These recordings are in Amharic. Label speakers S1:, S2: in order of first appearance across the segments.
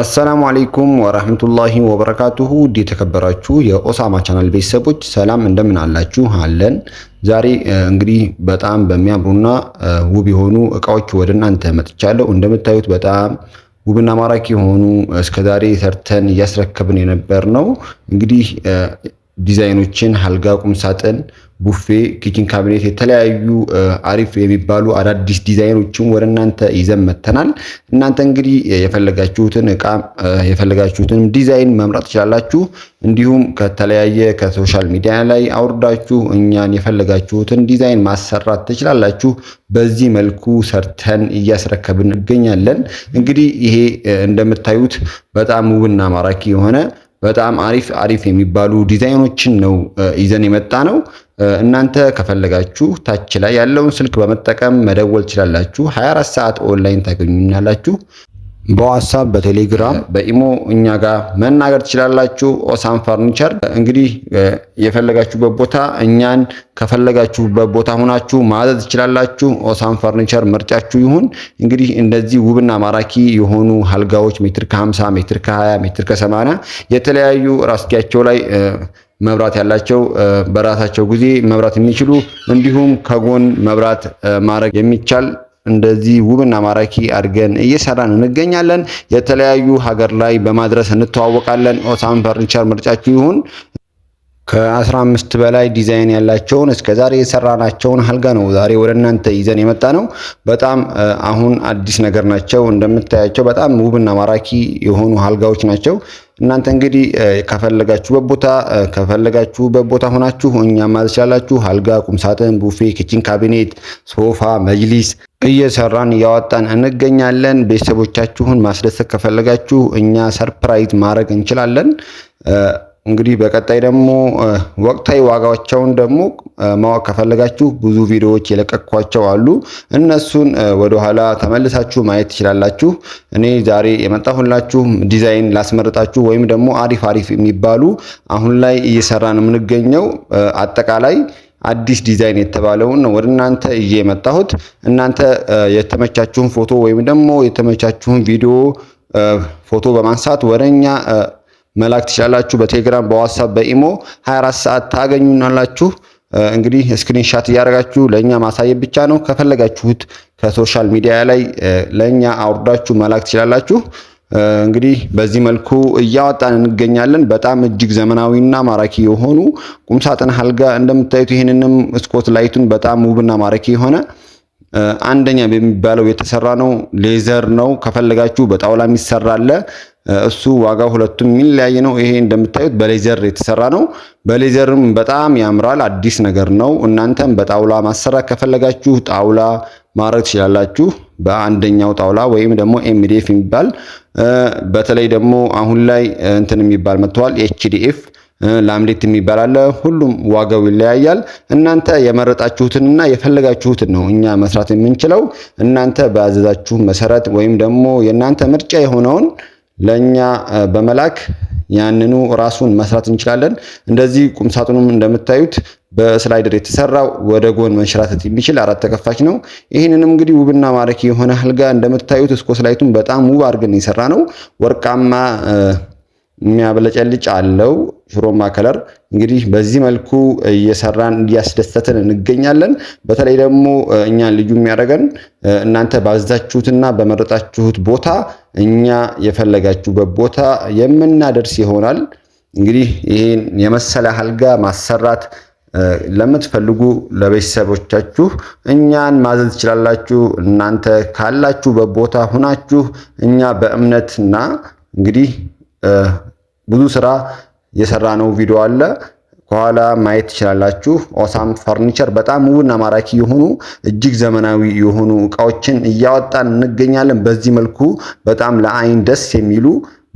S1: አሰላሙ አሌይኩም ወራህመቱላሂ ወበረካቱሁ። ውድ የተከበራችሁ የኦሳማ ቻናል ቤተሰቦች ሰላም እንደምን አላችሁ? አለን። ዛሬ እንግዲህ በጣም በሚያምሩና ውብ የሆኑ እቃዎች ወደ እናንተ መጥቻለሁ። እንደምታዩት በጣም ውብና ማራኪ የሆኑ እስከዛሬ ሰርተን እያስረከብን የነበር ነው እንግዲህ ዲዛይኖችን አልጋ፣ ቁም ሳጥን ቡፌ፣ ኪችን ካቢኔት፣ የተለያዩ አሪፍ የሚባሉ አዳዲስ ዲዛይኖችን ወደ እናንተ ይዘን መተናል። እናንተ እንግዲህ የፈለጋችሁትን እቃ የፈለጋችሁትንም ዲዛይን መምረጥ ትችላላችሁ። እንዲሁም ከተለያየ ከሶሻል ሚዲያ ላይ አውርዳችሁ እኛን የፈለጋችሁትን ዲዛይን ማሰራት ትችላላችሁ። በዚህ መልኩ ሰርተን እያስረከብን እንገኛለን። እንግዲህ ይሄ እንደምታዩት በጣም ውብና ማራኪ የሆነ በጣም አሪፍ አሪፍ የሚባሉ ዲዛይኖችን ነው ይዘን የመጣ ነው። እናንተ ከፈለጋችሁ ታች ላይ ያለውን ስልክ በመጠቀም መደወል ትችላላችሁ። 24 ሰዓት ኦንላይን ታገኙናላችሁ። በዋትሳፕ በቴሌግራም በኢሞ እኛ ጋር መናገር ትችላላችሁ። ኦሳም ፈርኒቸር እንግዲህ የፈለጋችሁበት ቦታ እኛን ከፈለጋችሁበት ቦታ ሆናችሁ ማዘዝ ትችላላችሁ። ኦሳን ፈርኒቸር ምርጫችሁ ይሁን። እንግዲህ እንደዚህ ውብና ማራኪ የሆኑ አልጋዎች ሜትር ከ50 ሜትር ከ20 ሜትር ከ80 የተለያዩ ራስጌያቸው ላይ መብራት ያላቸው በራሳቸው ጊዜ መብራት የሚችሉ እንዲሁም ከጎን መብራት ማድረግ የሚቻል እንደዚህ ውብና ማራኪ አድርገን እየሰራን እንገኛለን። የተለያዩ ሀገር ላይ በማድረስ እንተዋወቃለን። ኦሳም ፈርኒቸር ምርጫችሁ ይሁን። ከ15 በላይ ዲዛይን ያላቸውን እስከ ዛሬ የሰራናቸውን አልጋ ነው ዛሬ ወደ እናንተ ይዘን የመጣ ነው። በጣም አሁን አዲስ ነገር ናቸው። እንደምታያቸው በጣም ውብና ማራኪ የሆኑ አልጋዎች ናቸው። እናንተ እንግዲህ ከፈለጋችሁበት ቦታ ከፈለጋችሁበት ቦታ ሆናችሁ እኛ ማዝቻላችሁ አልጋ፣ ቁምሳጥን፣ ቡፌ፣ ኪችን ካቢኔት፣ ሶፋ፣ መጅሊስ እየሰራን እያወጣን እንገኛለን። ቤተሰቦቻችሁን ማስደሰት ከፈለጋችሁ እኛ ሰርፕራይዝ ማድረግ እንችላለን። እንግዲህ በቀጣይ ደግሞ ወቅታዊ ዋጋቸውን ደግሞ ማወቅ ከፈለጋችሁ ብዙ ቪዲዮዎች የለቀቅኳቸው አሉ። እነሱን ወደኋላ ተመልሳችሁ ማየት ትችላላችሁ። እኔ ዛሬ የመጣሁላችሁ ዲዛይን ላስመረጣችሁ ወይም ደግሞ አሪፍ አሪፍ የሚባሉ አሁን ላይ እየሰራን የምንገኘው አጠቃላይ አዲስ ዲዛይን የተባለውን ነው ወደ እናንተ ይዤ የመጣሁት። እናንተ የተመቻችሁን ፎቶ ወይም ደግሞ የተመቻችሁን ቪዲዮ ፎቶ በማንሳት ወደኛ መላክ ትችላላችሁ። በቴሌግራም በዋትሳፕ በኢሞ 24 ሰዓት ታገኙናላችሁ። እንግዲህ ሻት እያደረጋችሁ ለእኛ ማሳየት ብቻ ነው። ከፈለጋችሁት ከሶሻል ሚዲያ ላይ ለእኛ አውርዳችሁ መላክ ትችላላችሁ። እንግዲህ በዚህ መልኩ እያወጣን እንገኛለን። በጣም እጅግ ዘመናዊና ማራኪ የሆኑ ቁምሳጥን አልጋ እንደምታዩት፣ ይህንንም ስኮት ላይቱን በጣም ውብና ማራኪ የሆነ አንደኛ በሚባለው የተሰራ ነው። ሌዘር ነው። ከፈለጋችሁ በጣውላም ይሰራል። እሱ ዋጋው ሁለቱም የሚለያይ ነው። ይሄ እንደምታዩት በሌዘር የተሰራ ነው። በሌዘርም በጣም ያምራል። አዲስ ነገር ነው። እናንተም በጣውላ ማሰራት ከፈለጋችሁ ጣውላ ማድረግ ትችላላችሁ። በአንደኛው ጣውላ ወይም ደግሞ ኤምዲኤፍ የሚባል በተለይ ደግሞ አሁን ላይ እንትን የሚባል መጥተዋል። ኤችዲኤፍ ላምሌት የሚባል አለ። ሁሉም ዋጋው ይለያያል። እናንተ የመረጣችሁትንና የፈለጋችሁትን ነው እኛ መስራት የምንችለው። እናንተ በአዘዛችሁ መሰረት ወይም ደግሞ የእናንተ ምርጫ የሆነውን ለእኛ በመላክ ያንኑ ራሱን መስራት እንችላለን። እንደዚህ ቁምሳጥኑም እንደምታዩት በስላይደር የተሰራው ወደ ጎን መንሸራተት የሚችል አራት ተከፋች ነው። ይህንንም እንግዲህ ውብና ማራኪ የሆነ አልጋ እንደምታዩት እስኮ ስላይቱን በጣም ውብ አድርገን የሰራ ነው ወርቃማ የሚያብለጨልጭ አለው ሽሮማ ከለር። እንግዲህ በዚህ መልኩ እየሰራን እያስደሰትን እንገኛለን። በተለይ ደግሞ እኛ ልዩ የሚያደርገን እናንተ ባዘዛችሁትና በመረጣችሁት ቦታ እኛ የፈለጋችሁበት ቦታ የምናደርስ ይሆናል። እንግዲህ ይህን የመሰለ አልጋ ማሰራት ለምትፈልጉ ለቤተሰቦቻችሁ እኛን ማዘዝ ትችላላችሁ። እናንተ ካላችሁበት ቦታ ሁናችሁ እኛ በእምነትና እንግዲህ ብዙ ስራ የሰራ ነው ቪዲዮ አለ ከኋላ ማየት ትችላላችሁ። ኦሳም ፈርኒቸር በጣም ውብና ማራኪ የሆኑ እጅግ ዘመናዊ የሆኑ እቃዎችን እያወጣን እንገኛለን። በዚህ መልኩ በጣም ለአይን ደስ የሚሉ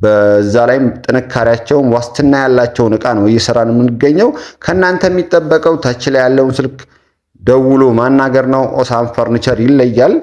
S1: በዛ ላይም ጥንካሬያቸውን ዋስትና ያላቸውን እቃ ነው እየሰራን የምንገኘው። ከእናንተ የሚጠበቀው ታች ላይ ያለውን ስልክ ደውሎ ማናገር ነው። ኦሳም ፈርኒቸር ይለያል።